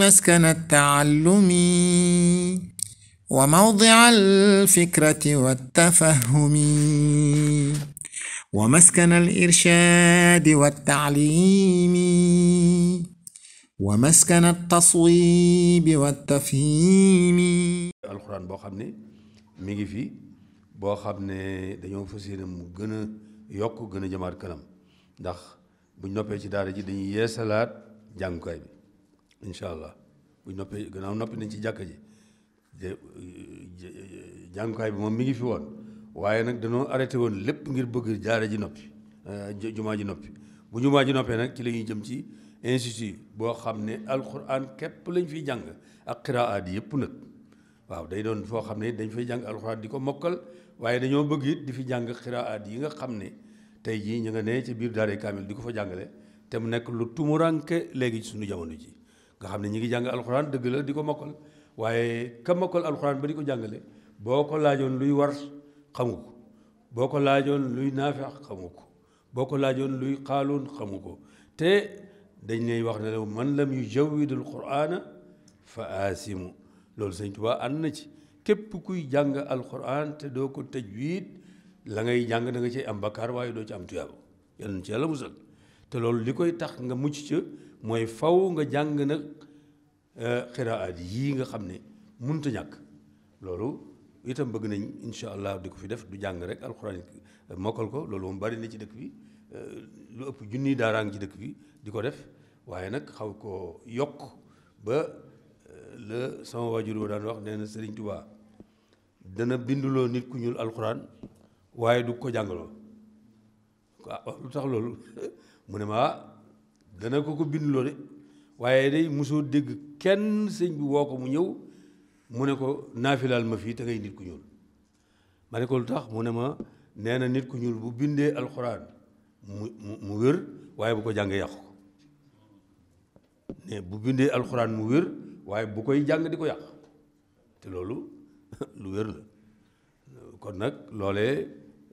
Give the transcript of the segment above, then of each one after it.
مسكن التعلم وموضع الفكرة والتفهم ومسكن الإرشاد ngi fi boo xam ne dañoo fas yéene mu gën a yokk gën a jëmaat kanam ndax bu ñu noppee ci daara ji dañuy yeesalaat jàngukaay bi incha allah bu noppee gannaaw noppi nañ ci jàkka ji jàngukaay bi moom mi ngi fi woon waaye nag danoo arrêté woon lépp ngir bëgg jaare ji noppi euh, jumaa ji noppi bu jumaa ji noppee nag ci lañuy jëm ci institut boo xam ne alquran képp lañ fiy jàng ak xiraat yi yëpp nag waaw day doon foo xam ne dañ fay jàng alquran di ko mokkal waaye dañoo bëgg it di fi jàng xiraat yi nga xam ne tey jii ñu nga ne ci biir daare kaamil di ko fa jàngale te mu nekk lu tumuranke léegi ci suñu jamono ji nga xam ne ñu ngi jàng alxuraan dëgg la di ko mokkal waaye ka mokkal alxuraan ba di ko jàngale boo ko laajoon luy war xamu ko boo ko laajoon luy naafi xamu ko boo ko laajoon luy xaaloon xamu ko te dañ lay wax ne la man lam yu jawwidul quraana fa aasimu loolu sëñ Tuubaa ànd na ci képp kuy jàng alxuraan te doo ko tëj wiit la ngay jàng danga nga ci am bakkaar waaye doo ci am tuyaaba yal ci yàlla musal te loolu li koy tax nga mucc ca mooy faw nga jàng nag Euh, xiraat yii nga xam ne mënut a ñàkk loolu itam bëgg nañ incha allah di ko fi def du jàng rek alxuraan euh, mokkal ko loolu moom bari na ci dëkk bi euh, lu ëpp junniy daaraang ci dëkk bi di ko def waaye nag xaw koo yokk ba la sama waajur wa daan wax nee Sëriñ Tuubaa dana binduloo nit ku ñuul alxuraan waaye du ko jàngaloo waaw lu tax loolu mu ne ma ah, dana ko ko binduloo de waaye day mosoo dégg kenn sëñ bi woo ko mu ñëw mu ne ko naafilaal ma fii te ngay nit ku ñuul ma ne ko lu tax mu ne ma nee na nit ku ñuul bu bindee alxuraan mu mu wér waaye bu ko jàng yàqu bu bindee alxuraan mu wér waaye bu koy jàng di ko yàq te loolu lu wér la kon nag loole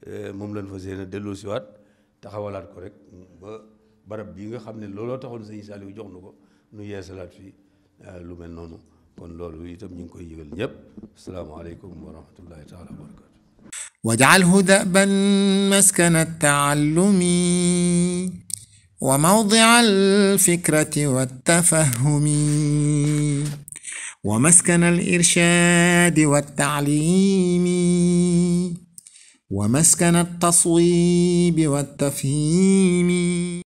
eh, moom lañ fa seen a delloo siwaat taxawalaat ko rek ba barab bii nga xam ne looloo taxoon sëñ Saliou jox na ko nu yeesalaat fi euh, lu mel noonu kon loolu itam ñu ngi koy yëgal ñëpp asalaamaaleykum wa rahmatullahi taala wa barakatu واجعله دأبا مسكن التعلم وموضع الفكرة والتفهم ومسكن الإرشاد والتعليم ومسكن التصويب والتفهيم